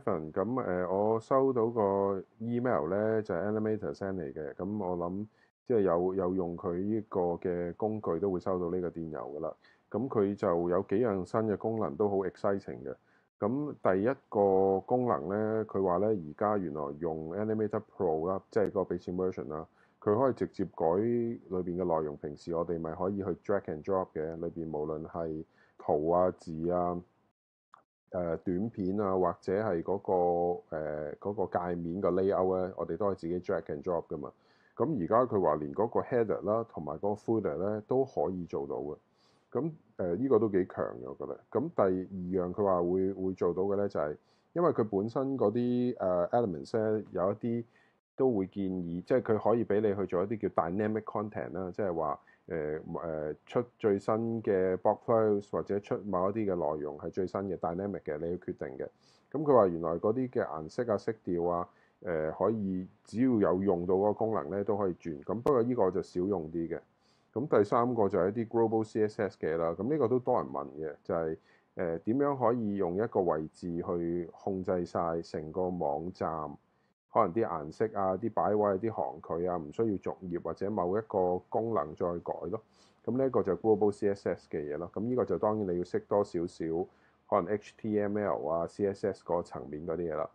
咁誒、呃，我收到個 email 咧，就係、是、Animator send 嚟嘅。咁我諗即係有有用佢呢個嘅工具，都會收到呢個電郵噶啦。咁佢就有幾樣新嘅功能，都好 exciting 嘅。咁第一個功能咧，佢話咧，而家原來用 Animator Pro 啦，即係嗰個 Basic Version 啦，佢可以直接改裏邊嘅內容。平時我哋咪可以去 Drag and Drop 嘅，裏邊無論係圖啊、字啊。誒短片啊，或者係嗰個誒嗰個界面個 layout 咧，我哋都可以自己 drag and drop 噶嘛。咁而家佢話連嗰個 header 啦，同埋嗰個 footer 咧都可以做到嘅。咁誒呢個都幾強嘅，我覺得。咁第二樣佢話會會做到嘅咧，就係因為佢本身嗰啲誒 elements 咧，有一啲都會建議，即係佢可以俾你去做一啲叫 dynamic content 啦，即係話。誒誒出最新嘅 blog post 或者出某一啲嘅內容係最新嘅 dynamic 嘅，你要決定嘅。咁佢話原來嗰啲嘅顏色啊、色調啊，誒、呃、可以只要有用到個功能咧都可以轉。咁不過呢個就少用啲嘅。咁、嗯、第三個就係一啲 global CSS 嘅啦。咁、嗯、呢、這個都多人問嘅，就係誒點樣可以用一個位置去控制晒成個網站。可能啲顏色啊、啲擺位、啲行距啊，唔需要逐頁或者某一個功能再改咯。咁呢一個就係 global CSS 嘅嘢咯。咁呢個就當然你要識多少少可能 HTML 啊、CSS 個層面嗰啲嘢啦。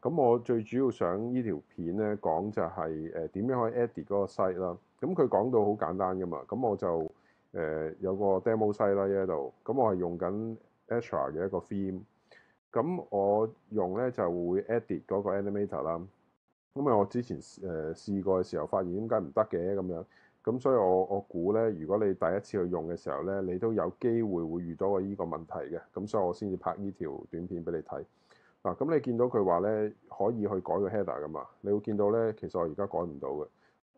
咁我最主要想呢條片咧講就係誒點樣可以 edit 嗰個 site 啦。咁佢講到好簡單噶嘛。咁我就誒、呃、有個 demo site 啦呢度。咁我係用緊 Astra 嘅一個 theme。咁我用咧就會 edit 嗰個 Animator 啦。因為我之前誒、呃、試過嘅時候，發現點解唔得嘅咁樣，咁所以我我估咧，如果你第一次去用嘅時候咧，你都有機會會遇到個呢個問題嘅。咁所以我先至拍呢條短片俾你睇嗱。咁、啊、你見到佢話咧可以去改個 header 噶嘛？你會見到咧，其實我而家改唔到嘅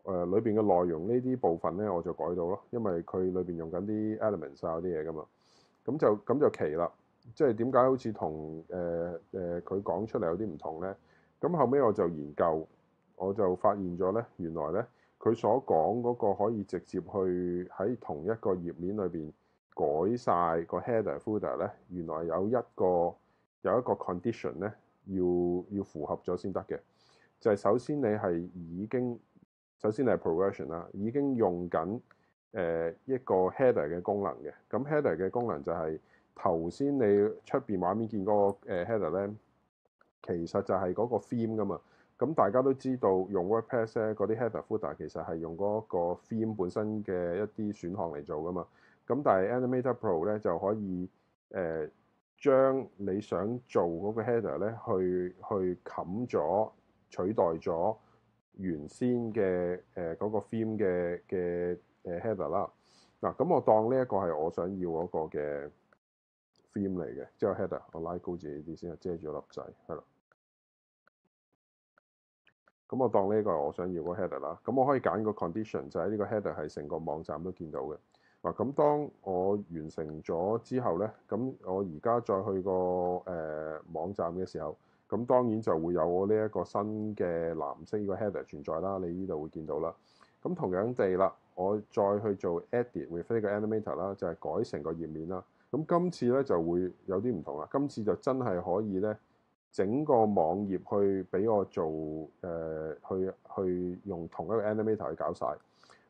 誒，裏邊嘅內容呢啲部分咧，我就改到咯，因為佢裏邊用緊啲 elements 嗰啲嘢噶嘛。咁就咁就奇啦，即係點解好似、呃呃、同誒誒佢講出嚟有啲唔同咧？咁後尾我就研究，我就發現咗呢，原來呢，佢所講嗰個可以直接去喺同一個頁面裏邊改晒個 header footer 呢。原來有一個有一個 condition 呢，要要符合咗先得嘅。就係、是、首先你係已經首先你係 progression 啦，已經用緊誒一個 header 嘅功能嘅。咁 header 嘅功能就係頭先你出邊畫面見嗰個 header 咧。其實就係嗰個 theme 噶嘛，咁大家都知道用 WordPress 咧，嗰啲 header footer 其實係用嗰個 theme 本身嘅一啲選項嚟做噶嘛，咁但係 Animator Pro 咧就可以誒、呃、將你想做嗰個 header 咧去去冚咗取代咗原先嘅誒嗰個 theme 嘅嘅誒 header 啦。嗱咁、er、我當呢一個係我想要嗰個嘅 theme 嚟嘅，即係 header，我拉高自己啲先，遮住粒仔，係啦。咁我當呢個係我想要個 header 啦，咁我可以揀個 condition 就喺呢個 header 係成個網站都見到嘅。嗱，咁當我完成咗之後呢，咁我而家再去個誒、呃、網站嘅時候，咁當然就會有我呢一個新嘅藍色呢個 header 存在啦。你呢度會見到啦。咁同樣地啦，我再去做 edit with a animator 啦，就係改成個頁面啦。咁今次呢就會有啲唔同啦，今次就真係可以呢。整個網頁去俾我做誒、呃，去去用同一個 Animator 去搞晒。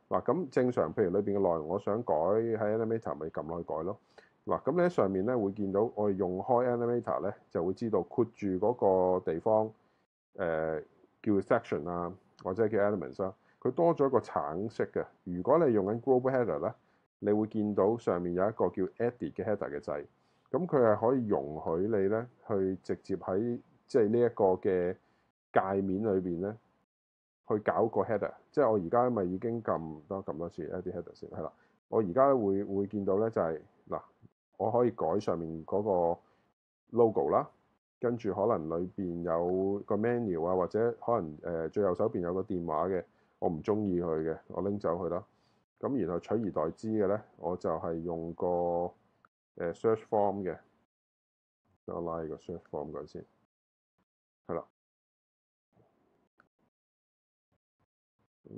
嗱、啊、咁正常，譬如裏邊嘅內容我想改喺 Animator，咪撳落去改咯。嗱，咁你喺上面咧會見到我用開 Animator 咧，就會知道括住嗰個地方誒、呃、叫 Section 啊，或者叫 Elements 啦、啊。佢多咗一個橙色嘅。如果你用緊 Global Header 咧，你會見到上面有一個叫 Edit 嘅 Header 嘅掣。咁佢係可以容許你咧，去直接喺即係呢一個嘅界面裏邊咧，去搞個 header。即係我而家咪已經撳多咁多次一啲 header 先係啦。我而家會會見到咧，就係、是、嗱，我可以改上面嗰個 logo 啦。跟住可能裏邊有個 menu 啊，或者可能誒、呃、最右手邊有個電話嘅，我唔中意佢嘅，我拎走佢啦。咁然後取而代之嘅咧，我就係用個，誒 search form 嘅，我拉一個 search form 改先，係啦，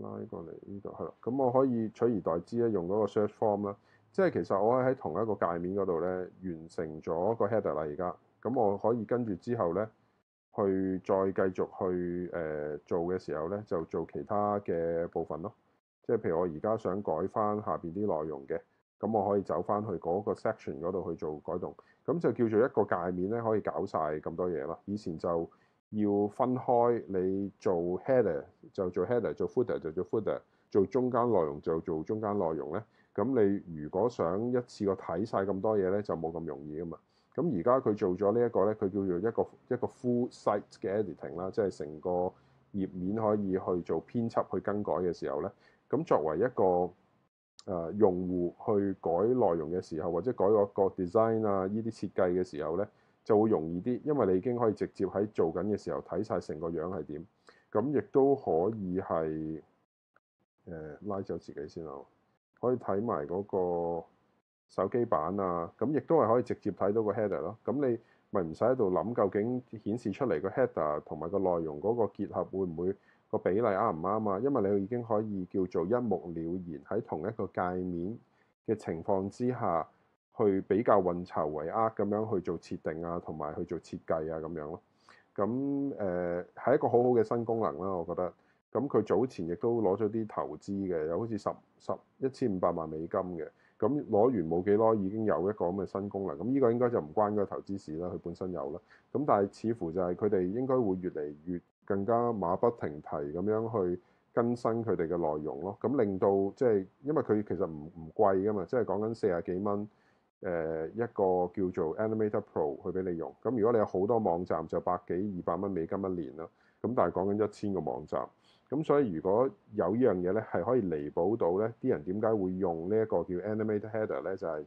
拉過嚟呢度，係啦，咁我可以取而代之咧，用嗰個 search form 啦，即係其實我喺同一個界面嗰度咧，完成咗個 header 啦，而家，咁我可以跟住之後咧，去再繼續去誒、呃、做嘅時候咧，就做其他嘅部分咯，即係譬如我而家想改翻下邊啲內容嘅。咁我可以走翻去嗰個 section 嗰度去做改動，咁就叫做一個界面咧，可以搞晒咁多嘢啦。以前就要分開你做 header 就做 header，做 footer 就做 footer，做中間內容就做中間內容咧。咁你如果想一次過睇晒咁多嘢咧，就冇咁容易噶嘛。咁而家佢做咗呢一個咧，佢叫做一個一個 full site 嘅 editing 啦，即係成個頁面可以去做編輯去更改嘅時候咧，咁作為一個。誒、啊、用戶去改內容嘅時候，或者改嗰個 design 啊，呢啲設計嘅時候呢，就會容易啲，因為你已經可以直接喺做緊嘅時候睇晒成個樣係點，咁亦都可以係誒、呃、拉走自己先咯，可以睇埋嗰個手機版啊，咁亦都係可以直接睇到個 header 咯、啊，咁你。咪唔使喺度諗究竟顯示出嚟個 header 同埋個內容嗰個結合會唔會、個比例啱唔啱啊？因為你已經可以叫做一目了然喺同一個界面嘅情況之下去比較運籌帷幄咁樣去做設定啊，同埋去做設計啊咁樣咯。咁誒係一個好好嘅新功能啦，我覺得。咁佢早前亦都攞咗啲投資嘅，有好似十十一千五百萬美金嘅。咁攞完冇幾耐已經有一個咁嘅新功能，咁、這、呢個應該就唔關嗰個投資市啦，佢本身有啦。咁但係似乎就係佢哋應該會越嚟越更加馬不停蹄咁樣去更新佢哋嘅內容咯。咁令到即係因為佢其實唔唔貴㗎嘛，即係講緊四十幾蚊。誒，一個叫做 Animator Pro 去俾你用。咁如果你有好多網站，就百幾二百蚊美金一年啦。咁但係講緊一千個網站，咁所以如果有呢樣嘢咧，係可以彌補到咧啲人點解會用呢一個叫 Animator Header 咧，就係、是、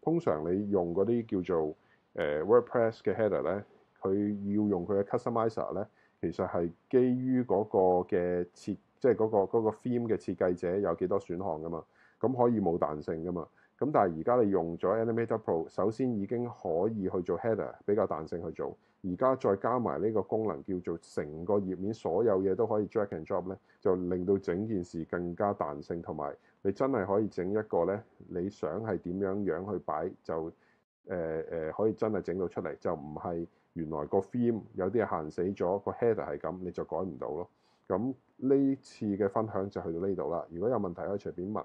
通常你用嗰啲叫做誒、呃、WordPress 嘅 Header 咧，佢要用佢嘅 Customizer 咧，其實係基於嗰個嘅設，即、就、係、是嗰個、嗰個 Theme 嘅設計者有幾多選項噶嘛，咁可以冇彈性噶嘛。咁但係而家你用咗 Animator Pro，首先已經可以去做 header 比較彈性去做。而家再加埋呢個功能叫做成個頁面所有嘢都可以 drag and drop 咧，就令到整件事更加彈性，同埋你真係可以整一個咧，你想係點樣樣去擺就誒誒、呃呃、可以真係整到出嚟，就唔係原來個 film 有啲限死咗個 header 係咁你就改唔到咯。咁呢次嘅分享就去到呢度啦。如果有問題可以隨便問。